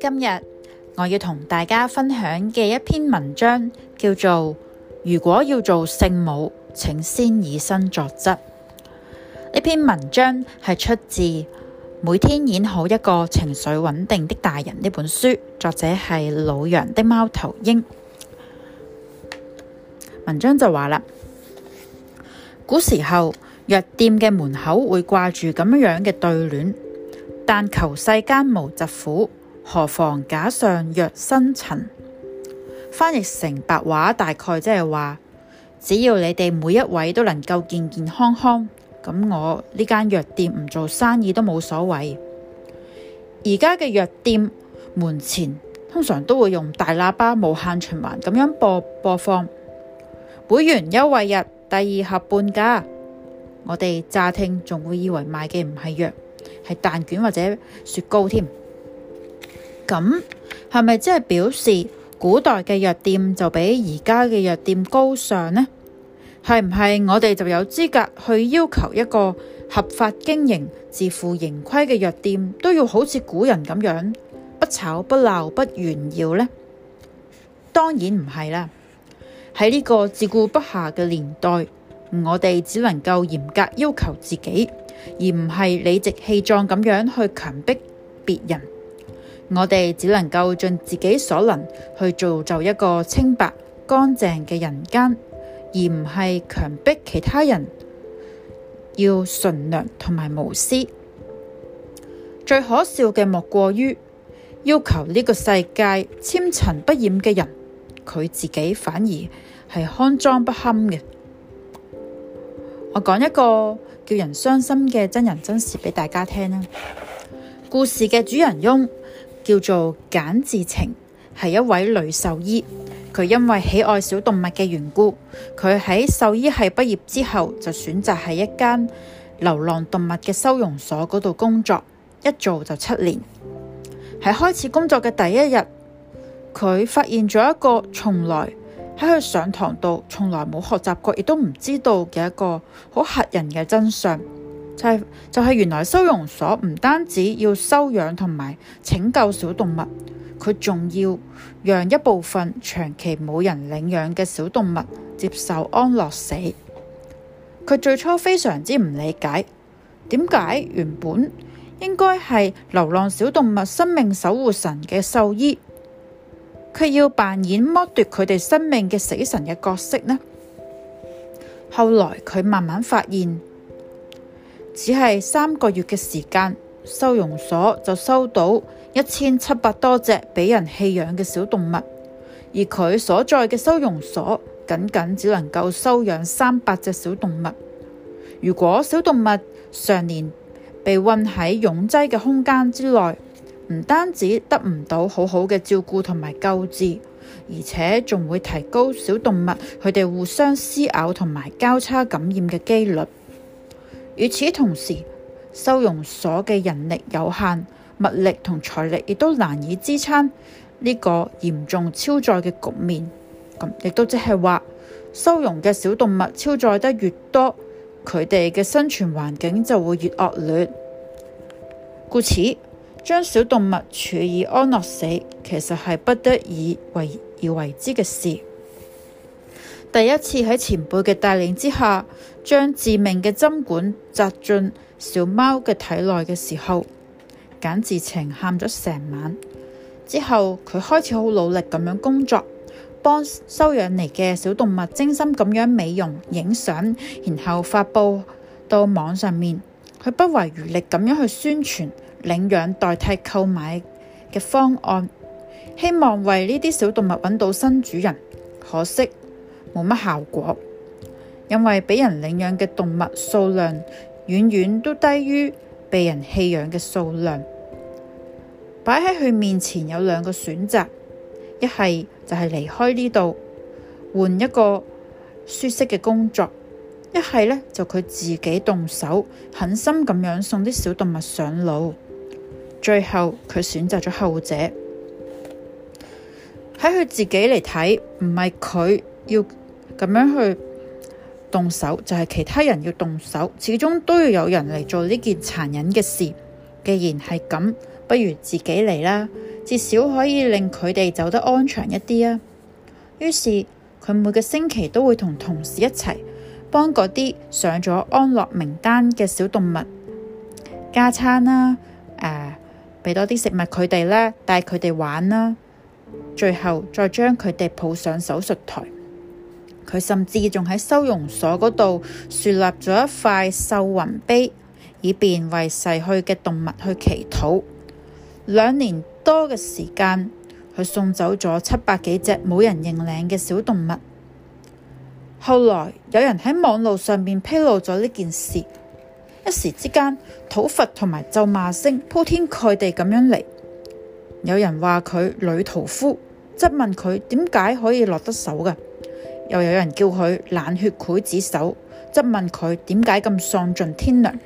今日我要同大家分享嘅一篇文章叫做《如果要做聖母，請先以身作則》。呢篇文章係出自《每天演好一個情緒穩定的大人》。呢本書作者係老楊的貓頭鷹。文章就話啦，古時候，藥店嘅門口會掛住咁樣嘅對聯，但求世間無疾苦，何妨架上藥生塵。翻譯成白話大概即係話，只要你哋每一位都能夠健健康康，咁我呢間藥店唔做生意都冇所謂。而家嘅藥店門前通常都會用大喇叭無限循環咁樣播播放，會員優惠日，第二盒半價。我哋乍聽仲會以為賣嘅唔係藥，係蛋卷或者雪糕添。咁係咪即係表示古代嘅藥店就比而家嘅藥店高尚呢？係唔係我哋就有資格去要求一個合法經營、自負盈虧嘅藥店都要好似古人咁樣不炒不鬧不炫耀呢？當然唔係啦，喺呢個自顧不暇嘅年代，我哋只能夠嚴格要求自己，而唔係理直氣壯咁樣去強迫別人。我哋只能夠盡自己所能去造就一個清白乾淨嘅人間，而唔係強迫其他人要善良同埋無私。最可笑嘅莫過於要求呢個世界纖塵不染嘅人，佢自己反而係骯髒不堪嘅。我講一個叫人傷心嘅真人真事俾大家聽啦。故事嘅主人翁叫做簡志晴，係一位女獸醫。佢因為喜愛小動物嘅緣故，佢喺獸醫係畢業之後就選擇喺一間流浪動物嘅收容所嗰度工作，一做就七年。喺開始工作嘅第一日，佢發現咗一個從來。喺佢上堂度，從來冇學習過，亦都唔知道嘅一個好嚇人嘅真相，就係、就係、原來收容所唔單止要收養同埋拯救小動物，佢仲要讓一部分長期冇人領養嘅小動物接受安樂死。佢最初非常之唔理解，點解原本應該係流浪小動物生命守護神嘅獸醫，佢要扮演剝奪佢哋生命嘅死神嘅角色呢？後來佢慢慢發現，只係三個月嘅時間，收容所就收到一千七百多隻畀人棄養嘅小動物，而佢所在嘅收容所，僅僅只能夠收養三百隻小動物。如果小動物常年被困喺擁擠嘅空間之內，唔單止得唔到好好嘅照顧同埋救治，而且仲會提高小動物佢哋互相撕咬同埋交叉感染嘅幾率。與此同時，收容所嘅人力有限，物力同財力亦都難以支撐呢個嚴重超載嘅局面。咁亦都即係話，收容嘅小動物超載得越多，佢哋嘅生存環境就會越惡劣。故此，將小動物處以安樂死，其實係不得已為而為之嘅事。第一次喺前輩嘅帶領之下，將致命嘅針管扎進小貓嘅體內嘅時候，簡自情喊咗成晚。之後佢開始好努力咁樣工作，幫收養嚟嘅小動物精心咁樣美容、影相，然後發布到網上面。佢不遺餘力咁樣去宣傳。領養代替購買嘅方案，希望為呢啲小動物揾到新主人，可惜冇乜效果，因為畀人領養嘅動物數量遠遠都低於被人棄養嘅數量。擺喺佢面前有兩個選擇，一係就係離開呢度，換一個舒適嘅工作；一係咧就佢自己動手，狠心咁樣送啲小動物上路。最後，佢選擇咗後者。喺佢自己嚟睇，唔係佢要咁樣去動手，就係、是、其他人要動手，始終都要有人嚟做呢件殘忍嘅事。既然係咁，不如自己嚟啦，至少可以令佢哋走得安詳一啲啊。於是佢每個星期都會同同事一齊幫嗰啲上咗安樂名單嘅小動物加餐啦、啊，啊畀多啲食物佢哋呢，帶佢哋玩啦，最後再將佢哋抱上手術台。佢甚至仲喺收容所嗰度樹立咗一塊獸魂碑，以便為逝去嘅動物去祈禱。兩年多嘅時間，佢送走咗七百幾隻冇人認領嘅小動物。後來有人喺網路上面披露咗呢件事。一時之間，討伐同埋咒罵聲鋪天蓋地咁樣嚟。有人話佢女屠夫，質問佢點解可以落得手嘅？又有人叫佢冷血劊子手，質問佢點解咁喪盡天良？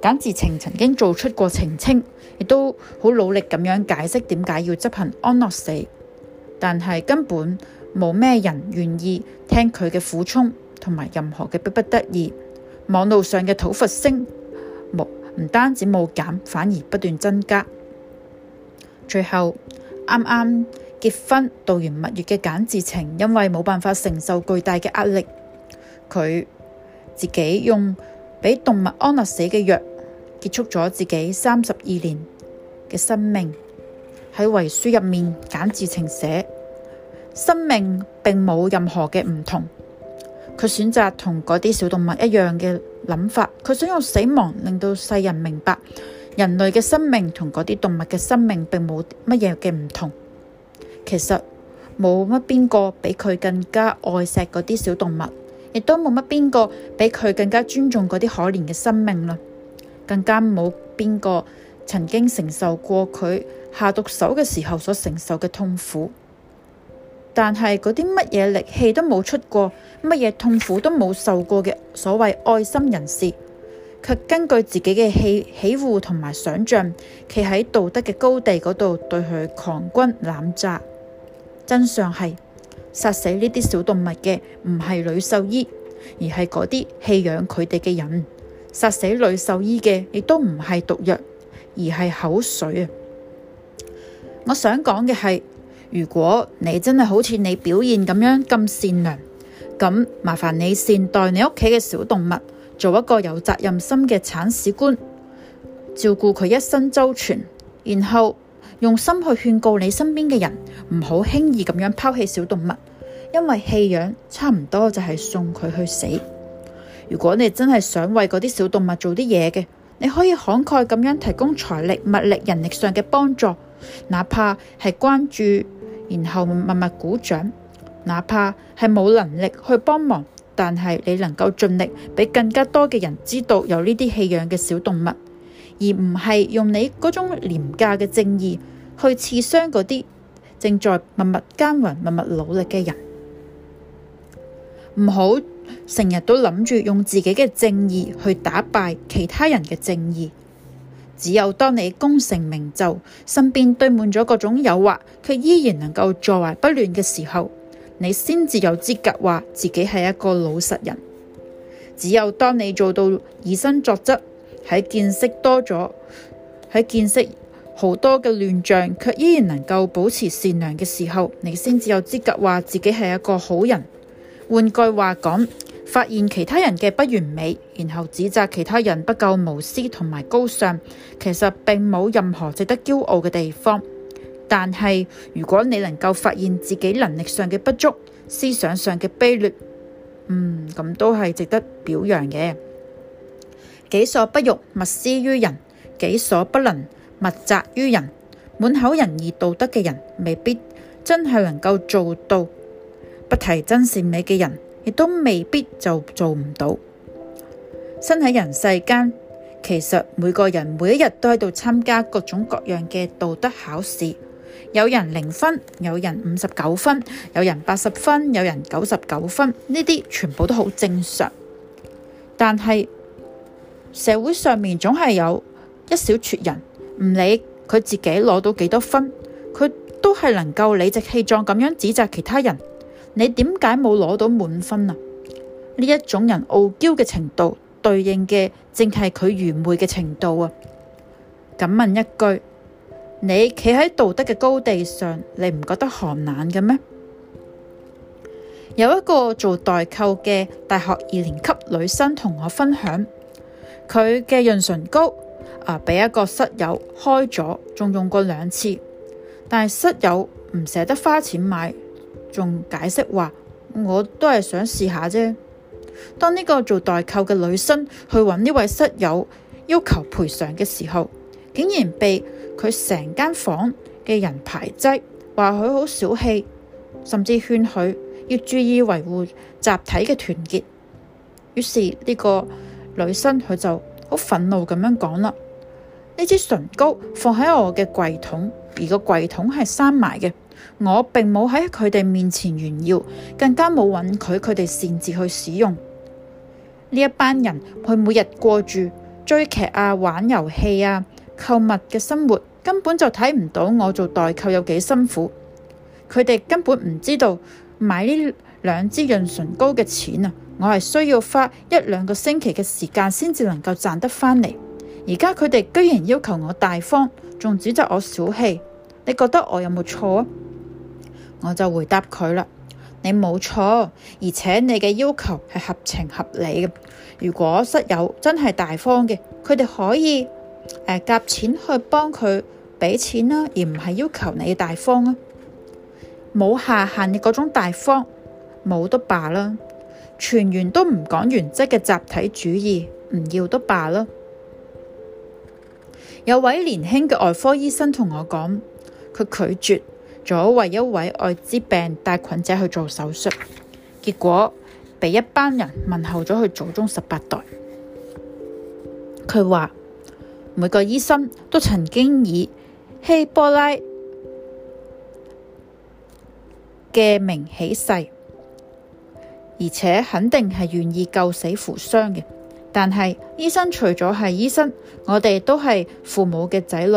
簡自晴曾經做出過澄清，亦都好努力咁樣解釋點解要執行安樂死，但係根本冇咩人願意聽佢嘅苦衷同埋任何嘅逼不得已。網路上嘅討伐聲唔單止冇減，反而不斷增加。最後啱啱結婚度完蜜月嘅簡智晴，因為冇辦法承受巨大嘅壓力，佢自己用畀動物安樂死嘅藥結束咗自己三十二年嘅生命。喺遺書入面，簡智晴寫：生命並冇任何嘅唔同。佢選擇同嗰啲小動物一樣嘅諗法，佢想用死亡令到世人明白，人類嘅生命同嗰啲動物嘅生命並冇乜嘢嘅唔同。其實冇乜邊個比佢更加愛惜嗰啲小動物，亦都冇乜邊個比佢更加尊重嗰啲可憐嘅生命啦，更加冇邊個曾經承受過佢下毒手嘅時候所承受嘅痛苦。但係嗰啲乜嘢力氣都冇出過，乜嘢痛苦都冇受過嘅所謂愛心人士，卻根據自己嘅喜好惡同埋想象，企喺道德嘅高地嗰度對佢狂轟濫炸。真相係殺死呢啲小動物嘅唔係女獸醫，而係嗰啲棄養佢哋嘅人；殺死女獸醫嘅亦都唔係毒藥，而係口水啊！我想講嘅係。如果你真係好似你表現咁樣咁善良，咁麻煩你善待你屋企嘅小動物，做一個有責任心嘅鏟屎官，照顧佢一生周全，然後用心去勸告你身邊嘅人唔好輕易咁樣拋棄小動物，因為棄養差唔多就係送佢去死。如果你真係想為嗰啲小動物做啲嘢嘅，你可以慷慨咁樣提供財力、物力、人力上嘅幫助，哪怕係關注。然後默默鼓掌，哪怕係冇能力去幫忙，但係你能夠盡力畀更加多嘅人知道有呢啲棄養嘅小動物，而唔係用你嗰種廉價嘅正義去刺傷嗰啲正在默默耕耘、默默努力嘅人。唔好成日都諗住用自己嘅正義去打敗其他人嘅正義。只有當你功成名就，身邊堆滿咗各種誘惑，卻依然能夠坐懷不亂嘅時候，你先至有資格話自己係一個老實人。只有當你做到以身作則，喺見識多咗，喺見識好多嘅亂象，卻依然能夠保持善良嘅時候，你先至有資格話自己係一個好人。換句話講。發現其他人嘅不完美，然後指責其他人不夠無私同埋高尚，其實並冇任何值得驕傲嘅地方。但係如果你能夠發現自己能力上嘅不足、思想上嘅卑劣，嗯，咁都係值得表揚嘅。己所不欲，勿施於人；己所不能，勿責於人。滿口仁義道德嘅人，未必真係能夠做到，不提真善美嘅人。亦都未必就做唔到。身喺人世間，其實每個人每一日都喺度參加各種各樣嘅道德考試。有人零分，有人五十九分，有人八十分，有人九十九分，呢啲全部都好正常。但係社會上面總係有一小撮人，唔理佢自己攞到幾多分，佢都係能夠理直氣壯咁樣指責其他人。你點解冇攞到滿分啊？呢一種人傲嬌嘅程度，對應嘅正係佢愚昧嘅程度啊！敢問一句，你企喺道德嘅高地上，你唔覺得寒冷嘅咩？有一個做代購嘅大學二年級女生同我分享，佢嘅潤唇膏啊，畀一個室友開咗，仲用過兩次，但係室友唔捨得花錢買。仲解釋話，我都係想試下啫。當呢個做代購嘅女生去搵呢位室友要求賠償嘅時候，竟然被佢成間房嘅人排擠，話佢好小氣，甚至勸佢要注意維護集體嘅團結。於是呢個女生佢就好憤怒咁樣講啦，呢支唇膏放喺我嘅櫃桶。而個櫃桶係閂埋嘅，我並冇喺佢哋面前炫耀，更加冇允許佢哋擅自去使用呢一班人。佢每日過住追劇啊、玩遊戲啊、購物嘅生活，根本就睇唔到我做代購有幾辛苦。佢哋根本唔知道買呢兩支潤唇膏嘅錢啊，我係需要花一兩個星期嘅時間先至能夠賺得返嚟。而家佢哋居然要求我大方，仲指責我小氣。你覺得我有冇錯啊？我就回答佢啦，你冇錯，而且你嘅要求係合情合理嘅。如果室友真係大方嘅，佢哋可以誒、呃、夾錢去幫佢畀錢啦，而唔係要求你大方啊。冇下限嘅嗰種大方，冇都罷啦。全員都唔講原則嘅集體主義，唔要都罷啦。有位年輕嘅外科醫生同我講，佢拒絕咗為一位艾滋病帶菌者去做手術，結果被一班人問候咗佢祖宗十八代。佢話每個醫生都曾經以希波拉嘅名起誓，而且肯定係願意救死扶傷嘅。但係，醫生除咗係醫生，我哋都係父母嘅仔女、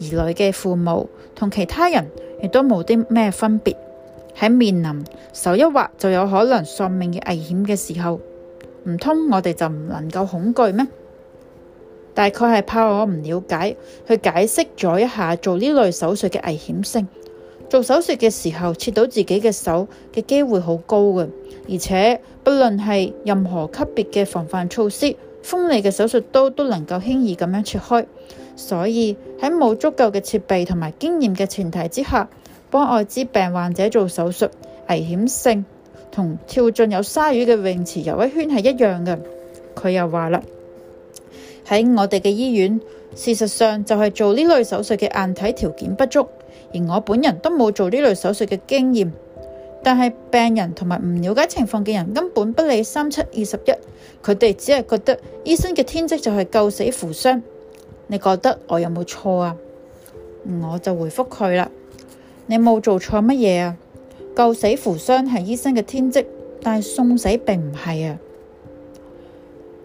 兒女嘅父母，同其他人亦都冇啲咩分別。喺面臨手一滑就有可能喪命嘅危險嘅時候，唔通我哋就唔能夠恐懼咩？大概係怕我唔了解，去解釋咗一下做呢類手術嘅危險性。做手術嘅時候，切到自己嘅手嘅機會好高嘅，而且不論係任何級別嘅防範措施，鋒利嘅手術刀都，都能夠輕易咁樣切開。所以喺冇足夠嘅設備同埋經驗嘅前提之下，幫艾滋病患者做手術，危險性同跳進有鯊魚嘅泳池游一圈係一樣嘅。佢又話啦，喺我哋嘅醫院，事實上就係做呢類手術嘅硬體條件不足。而我本人都冇做呢類手術嘅經驗，但係病人同埋唔了解情況嘅人根本不理三七二十一，佢哋只係覺得醫生嘅天職就係救死扶傷。你覺得我有冇錯啊？我就回覆佢啦，你冇做錯乜嘢啊？救死扶傷係醫生嘅天職，但係送死並唔係啊。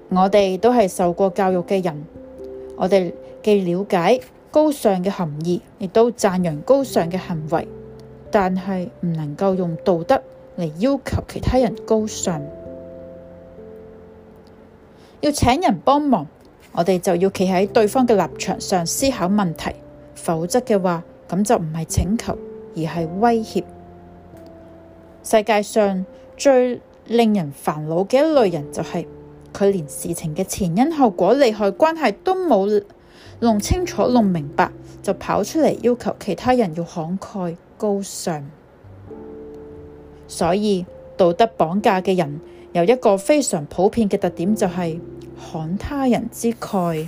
我哋都係受過教育嘅人，我哋既了解。高尚嘅含義，亦都讚揚高尚嘅行為，但係唔能夠用道德嚟要求其他人高尚。要請人幫忙，我哋就要企喺對方嘅立場上思考問題，否則嘅話，咁就唔係請求，而係威脅。世界上最令人煩惱嘅一類人、就係，就係佢連事情嘅前因後果、利害關係都冇。弄清楚、弄明白，就跑出嚟要求其他人要慷慨高尚。所以道德綁架嘅人有一個非常普遍嘅特點、就是，就係慷他人之慨。